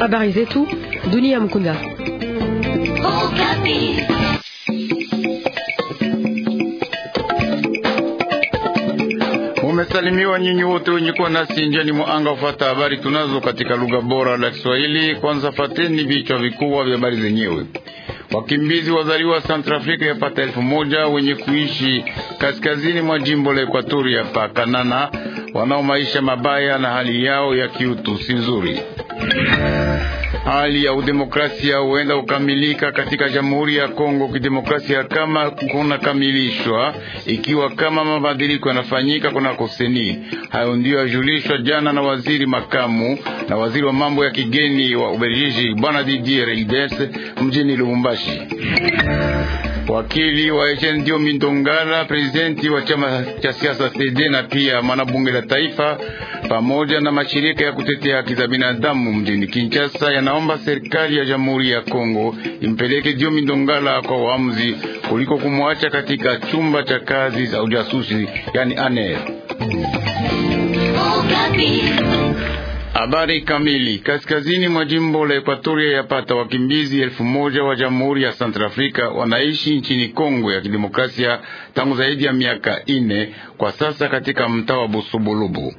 Habari zetu dunia mkunda. Mumesalimiwa nyinyi wote wenye kuwa nasi njiani mwanga ufata habari tunazo katika lugha bora la Kiswahili. Kwanza fateni vichwa vikubwa vya habari zenyewe. Wakimbizi wazaliwa africa yapata elfu moja wenye kuishi kaskazini mwa jimbo la Ekuatoria pa Kanana wanao maisha mabaya na hali yao ya kiutu si nzuri. Hali ya udemokrasia huenda kukamilika katika Jamhuri ya Kongo Kidemokrasia kama kunakamilishwa, ikiwa kama mabadiliko yanafanyika kuna koseni Hayo ndiyo yajulishwa jana na waziri makamu na waziri wa mambo ya kigeni wa Ubelgiji Bwana Didier Reynders mjini Lubumbashi. Wakili wa Eugene Dio Mindongala, prezidenti wa chama cha siasa CD na pia mwanabunge la taifa pamoja na mashirika ya kutetea haki za binadamu mjini Kinshasa yanaomba serikali ya Jamhuri ya Kongo impeleke Dio Mindongala kwa uamuzi kuliko kumwacha katika chumba cha kazi za ujasusi yani ANR. Oh, Habari kamili. Kaskazini mwa jimbo la Ekuatoria yapata wakimbizi elfu moja wa Jamhuri ya santrafrika wanaishi nchini Kongo ya Kidemokrasia tangu zaidi ya miaka ine kwa sasa katika mtaa wa Busubulubu.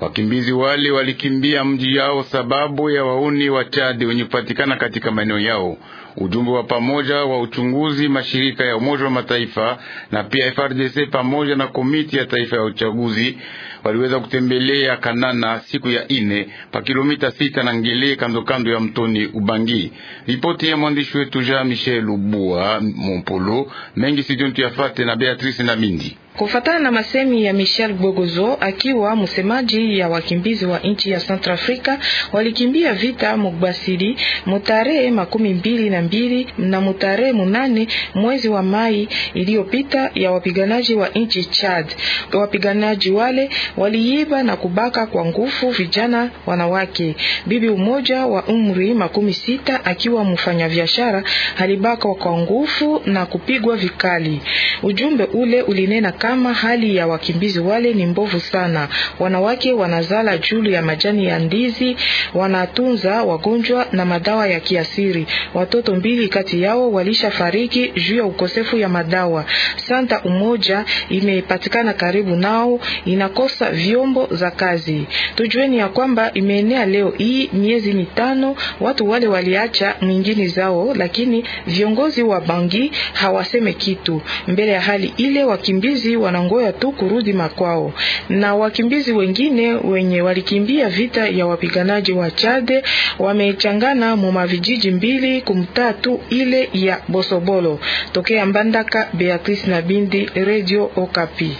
Wakimbizi wale walikimbia mji yao sababu ya wauni wa Chadi wenye kupatikana katika maeneo yao. Ujumbe wa pamoja wa uchunguzi, mashirika ya Umoja wa Mataifa na pia FRDC pamoja na komiti ya taifa ya uchaguzi waliweza kutembelea Kanana siku ya ine pa kilomita sita na Ngele, kando kando ya mtoni Ubangi. Ripoti ya mwandishi wetu Jean Michel Ubua Mompolo mengi sidontu yafate na Beatrice na Mindi. Kufatana na masemi ya Michel Bogozo, akiwa msemaji ya wakimbizi wa nchi ya Centrafrica, walikimbia vita Mubasiri mutarehe makumi mbili na mbili na mutarehe munane mwezi wa Mai iliyopita ya wapiganaji wa nchi Chad. Wapiganaji wale waliiba na kubaka kwa nguvu vijana wanawake. Bibi umoja wa umri makumi sita akiwa mfanyabiashara alibakwa kwa nguvu na kupigwa vikali. Ujumbe ule ulinena kama hali ya wakimbizi wale ni mbovu sana. Wanawake wanazala julu ya majani ya ndizi, wanatunza wagonjwa na madawa ya kiasiri. Watoto mbili kati yao walisha fariki juu ya ukosefu ya madawa. Santa umoja imepatikana karibu nao, inakosa vyombo za kazi. Tujueni ya kwamba imeenea leo hii miezi mitano, watu wale waliacha mwingine zao, lakini viongozi wa Bangi hawaseme kitu mbele ya hali ile wakimbizi wanangoya tu kurudi makwao, na wakimbizi wengine wenye walikimbia vita ya wapiganaji wa Chade wamechangana muma vijiji mbili kumtatu ile ya Bosobolo. Tokea Mbandaka, Beatrice na Bindi, Radio Okapi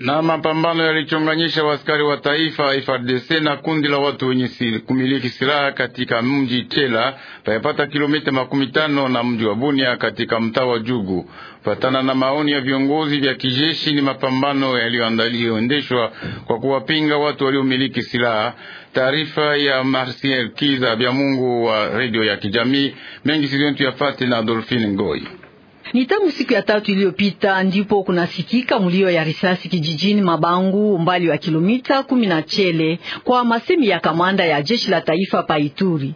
na mapambano yalichonganyisha waskari wa taifa frdc na kundi la watu wenye kumiliki silaha katika mji Chela payapata kilomita makumi tano na mji wa Bunia katika mtaa wa Jugu. Patana na maoni ya viongozi vya kijeshi, ni mapambano yaliyoendeshwa kwa kuwapinga watu waliomiliki silaha. Taarifa ya Marcel Kiza vya mungu wa redio ya kijamii mengi sizontu yafate na Adolfine Ngoi. Ni tangu siku ya tatu iliyopita ndipo kunasikika mlio ya risasi kijijini Mabangu, umbali wa kilomita kumi na chele, kwa masemi ya kamanda ya jeshi la taifa Paituri.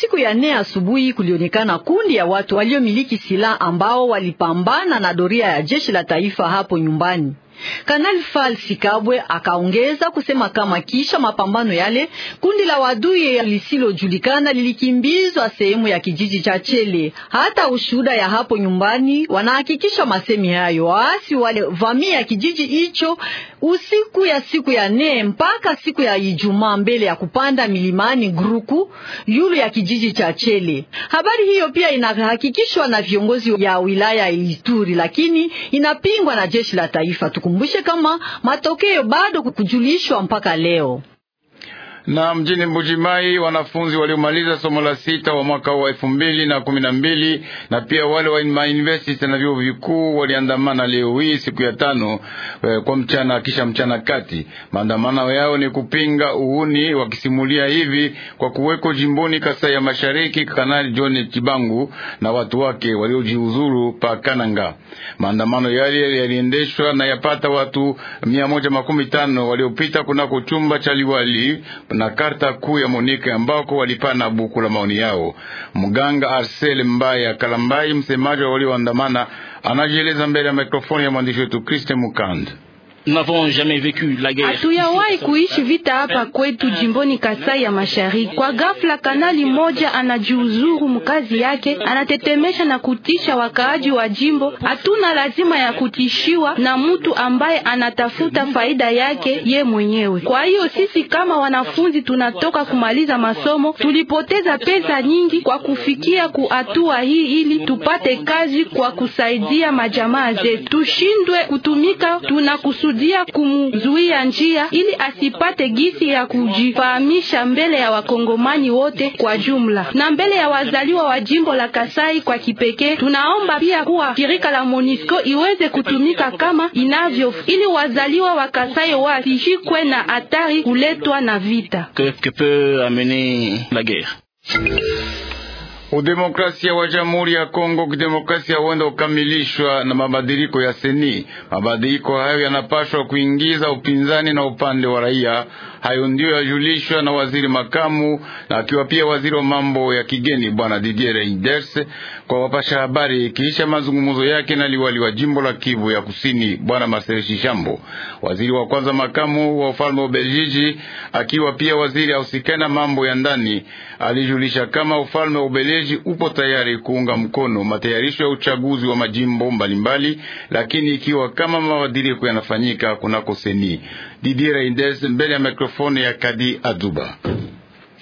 Siku ya nne asubuhi kulionekana kundi ya watu waliomiliki silaha ambao walipambana na doria ya jeshi la taifa hapo nyumbani. Kanali Falsi Kabwe akaongeza kusema kama kisha mapambano yale kundi la wadui lisilojulikana lilikimbizwa sehemu ya kijiji cha Chele. Hata ushuhuda ya hapo nyumbani wanahakikisha masemi hayo. Waasi vamia kijiji hicho usiku ya siku ya nne mpaka siku ya Ijumaa mbele ya kupanda milimani gruku yulu ya kijiji cha Chele. Habari hiyo pia inahakikishwa na viongozi ya wilaya Ituri, lakini inapingwa na jeshi la taifa. Tukumbushe kama matokeo bado kujulishwa mpaka leo na mjini Mbujimai wanafunzi waliomaliza somo la sita wa mwaka wa elfu mbili na kumi na mbili na pia wale wa mauniversity na vyuo vikuu waliandamana leo hii siku ya tano e, kwa mchana kisha mchana kati. Maandamano yao ni kupinga uhuni, wakisimulia hivi kwa kuweko jimboni Kasai ya Mashariki Kanali John Chibangu na watu wake waliojiuzuru pa Kananga. Maandamano yale yaliendeshwa na yapata watu mia moja makumi tano waliopita kunako chumba cha liwali na karta kuu ya Monike ambako walipana buku la maoni yao. Mganga Arsel Mbaya Kalambai, msemaji wa walioandamana, anajieleza mbele ya mikrofoni ya mwandishi wetu Kriste Mukand n'avons jamais vécu la guerre. Hatuyawahi kuishi vita hapa kwetu jimboni Kasai ya Mashariki. Kwa ghafla, kanali moja anajiuzuru mkazi yake, anatetemesha na kutisha wakaaji wa jimbo. Hatuna lazima ya kutishiwa na mtu ambaye anatafuta faida yake ye mwenyewe. Kwa hiyo sisi kama wanafunzi tunatoka kumaliza masomo, tulipoteza pesa nyingi kwa kufikia kuatua hii ili tupate kazi kwa kusaidia majamaa zetu, tushindwe kutumika tunakusudia kurudia kumzuia njia ili asipate gisi ya kujifahamisha mbele ya wakongomani wote kwa jumla na mbele ya wazaliwa wa jimbo la Kasai kwa kipekee. Tunaomba pia kuwa shirika la Monisco iweze kutumika kama inavyo, ili wazaliwa wa Kasai wasishikwe na hatari kuletwa na vita que peut amener la guerre. Udemokrasia wa Jamhuri ya Kongo Kidemokrasia huenda ukamilishwa na mabadiliko ya seni. Mabadiliko hayo yanapashwa kuingiza upinzani na upande wa raia. Hayo ndiyo yajulishwa na waziri makamu na akiwa pia waziri wa mambo ya kigeni bwana Didier Reinders kwa wapasha habari, kisha mazungumzo yake na liwali wa jimbo la Kivu ya Kusini bwana Marcel Shishambo, waziri wa kwanza makamu wa ufalme wa Ubelgiji, akiwa pia waziri ausikana mambo ya ndani, alijulisha kama ufalme wa Ubeljiji Ubelgiji upo tayari kuunga mkono matayarisho ya uchaguzi wa majimbo mbalimbali mbali, lakini ikiwa kama mabadiliko yanafanyika kunako seni. Didier Reinders mbele ya mikrofoni ya Kadi Aduba.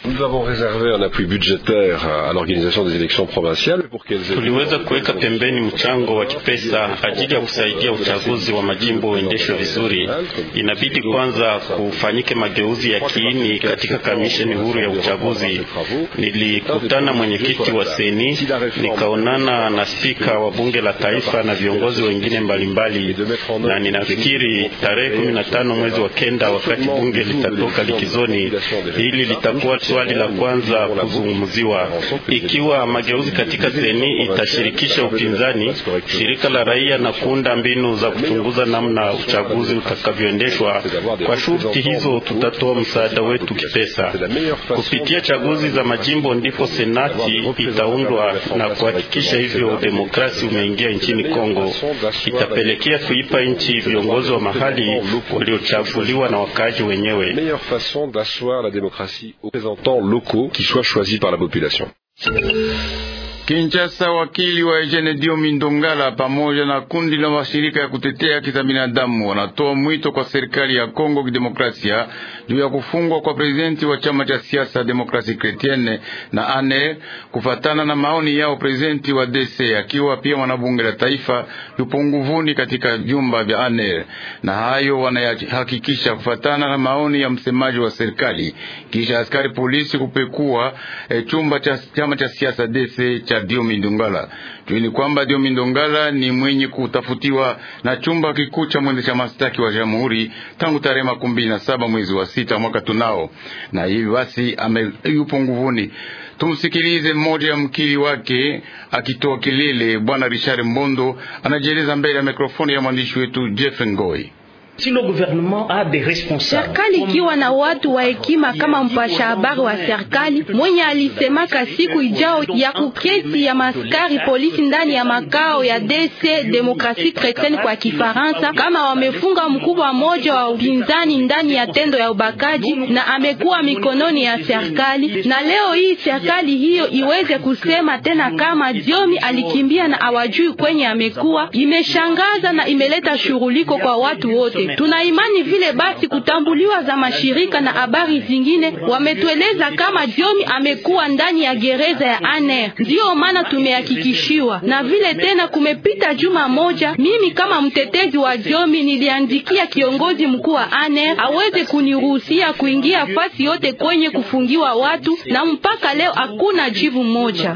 Nous avons réservé un appui budgétaire à l'organisation des élections provinciales pour qu'elles tuliweza kuweka pembeni mchango wa kipesa ajili ya kusaidia uchaguzi wa majimbo uendeshwe vizuri. Inabidi kwanza kufanyike mageuzi ya kiini katika kamisheni huru ya uchaguzi. Nilikutana mwenyekiti wa seni, nikaonana na spika wa bunge la taifa na viongozi wengine mbalimbali, na ninafikiri tarehe kumi na tano mwezi wa kenda, wakati bunge litatoka likizoni, hili litakuwa swali la kwanza kuzungumziwa, ikiwa mageuzi katika seni itashirikisha upinzani, shirika la raia na kuunda mbinu za kuchunguza namna uchaguzi utakavyoendeshwa. Kwa shurti hizo, tutatoa msaada wetu kipesa kupitia chaguzi za majimbo, ndipo senati itaundwa na kuhakikisha hivyo demokrasi umeingia nchini Kongo, itapelekea kuipa nchi viongozi wa mahali waliochaguliwa na wakaaji wenyewe. représentants locaux qui soient choisis par la population. Kinshasa, wakili wa Eugene Diomi Ndongala pamoja na kundi la mashirika ya kutetea haki za binadamu wanatoa mwito kwa serikali ya Kongo Kidemokrasia juu ya kufungwa kwa prezidenti wa chama cha siasa Demokrasi Kretiene na ANR. Kufatana na maoni yao, prezidenti wa DC akiwa pia mwanabunge la taifa yupo nguvuni katika vyumba vya ANR, na hayo wanayahakikisha kufatana na maoni ya msemaji wa serikali, kisha askari polisi kupekua e, chumba cha chama cha siasa DC cha cha Diomi Ndongala. Jueni kwamba Diomi Ndongala ni mwenye kutafutiwa na chumba kikuu cha mwendesha mashtaki wa jamhuri tangu tarehe makumi mbili na saba mwezi wa sita mwaka tunao, na hivi basi yupo nguvuni. Tumsikilize mmoja ya mkili wake akitoa kilele. Bwana Richard Mbondo anajieleza mbele ya mikrofoni ya mwandishi wetu Jeff Ngoi. Serikali ikiwa na watu wa hekima kama mpasha habari wa serikali mwenye alisemaka siku ijao ya kuketi ya maskari polisi ndani ya makao ya DC Demokrasi Kretieni kwa Kifaransa, kama wamefunga mkubwa mmoja wa upinzani ndani ya tendo ya ubakaji na amekuwa mikononi ya serikali, na leo hii serikali hiyo iweze kusema tena kama Diomi alikimbia na awajui kwenye amekuwa, imeshangaza na imeleta shughuliko kwa watu wote. Tunaimani vile basi kutambuliwa za mashirika na habari zingine wametueleza kama jomi amekuwa ndani ya gereza ya Aner, ndiyo maana tumehakikishiwa na vile. Tena kumepita juma moja, mimi kama mtetezi wa jomi niliandikia kiongozi mkuu wa Aner aweze kuniruhusia kuingia fasi yote kwenye kufungiwa watu, na mpaka leo hakuna jibu moja.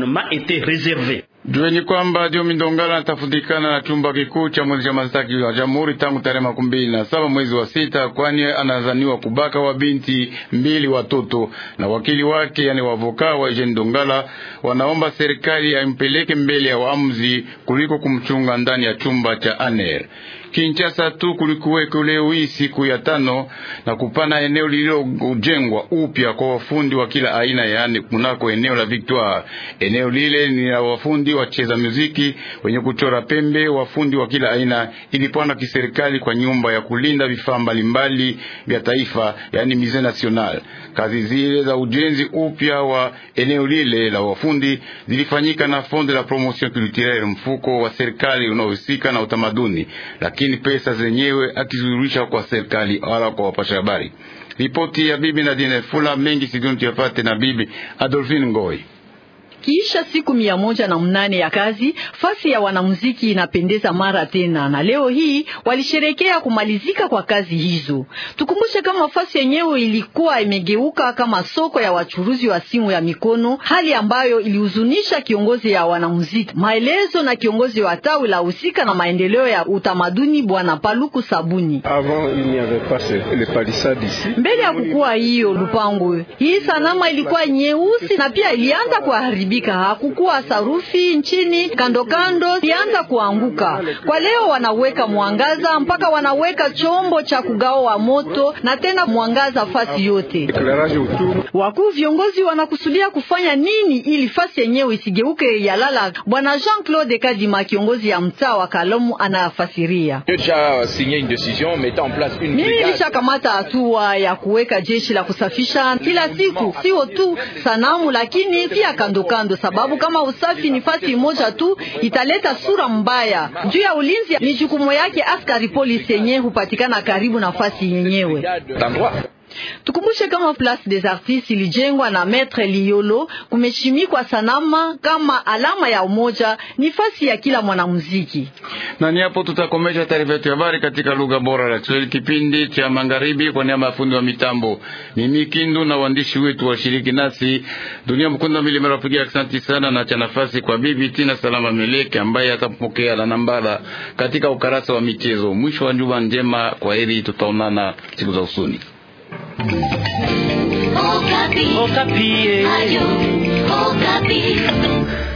Jueni kwamba Dio Mindongala anatafutikana na chumba kikuu cha mwezi cha mastaki wa jamhuri tangu tarehe makumi mbili na saba mwezi wa sita, kwani anazaniwa kubaka wa binti mbili watoto na wakili wake, yani wavoka wa Jean Ndongala wanaomba serikali aimpeleke mbele ya waamuzi kuliko kumchunga ndani ya chumba cha aner kinchasa tu kulikuweko leo hii siku ya tano na kupana eneo lililojengwa upya kwa wafundi wa kila aina, yaani kunako eneo la Victoire. Eneo lile ni la wafundi wacheza muziki, wenye kuchora pembe, wafundi wa kila aina, ilipanda kiserikali kwa nyumba ya kulinda vifaa mbalimbali vya taifa, yaani Musee National. Kazi zile za ujenzi upya wa eneo lile la wafundi zilifanyika na Fonde la Promotion Culturelle, mfuko wa serikali unaohusika na utamaduni lakini pesa zenyewe akizururisha kwa serikali wala kwa wapasha habari. Ripoti ya bibi Nadine Fula mengi sidoni tuyapate na bibi Adolfine Ngoi. Kiisha siku mia moja na mnane ya kazi, fasi ya wanamuziki inapendeza mara tena, na leo hii walisherekea kumalizika kwa kazi hizo. Tukumbushe kama fasi yenyewe ilikuwa imegeuka kama soko ya wachuruzi wa simu ya mikono, hali ambayo ilihuzunisha kiongozi ya wanamuziki. Maelezo na kiongozi wa tawi la husika na maendeleo ya utamaduni Bwana Paluku Sabuni. Mbele ya kukuwa hiyo lupango, hii sanama ilikuwa nyeusi na pia ilianza haribu kuharibika, hakukuwa sarufi nchini, kando kando ilianza kuanguka. Kwa leo wanaweka mwangaza mpaka wanaweka chombo cha kugawa moto na tena mwangaza fasi yote. Wakuu viongozi wanakusudia kufanya nini ili fasi yenyewe isigeuke ya lala? Bwana Jean Claude Kadima, kiongozi ya mtaa wa kalomu anafasiria mimi nilishakamata hatua ya kuweka jeshi la kusafisha kila siku, sio tu sanamu lakini pia kando kando, sababu kama usafi ni fasi moja tu italeta sura mbaya. Juu ya ulinzi ni jukumu yake askari polisi yenyewe hupatikana karibu na fasi yenyewe. Tukumbushe kama Place des Artistes ilijengwa na Maître Liolo, kumeshimikwa sanama kama alama ya umoja, ni fasi ya kila mwanamuziki. Na ni hapo tutakomesha taarifa yetu ya habari katika lugha bora ya Kiswahili, kipindi cha magharibi, kwa niaba ya fundi wa mitambo mimi Kindu na waandishi wetu washiriki nasi dunia mkunda milima rapigia. Asante sana na cha nafasi kwa bibi Tina Salama Meleke ambaye atapokea na nambala katika ukarasa wa michezo. Mwisho wa njuma njema, kwa heri, tutaonana siku za usoni. Okapi. Okapi. Ayu, Okapi.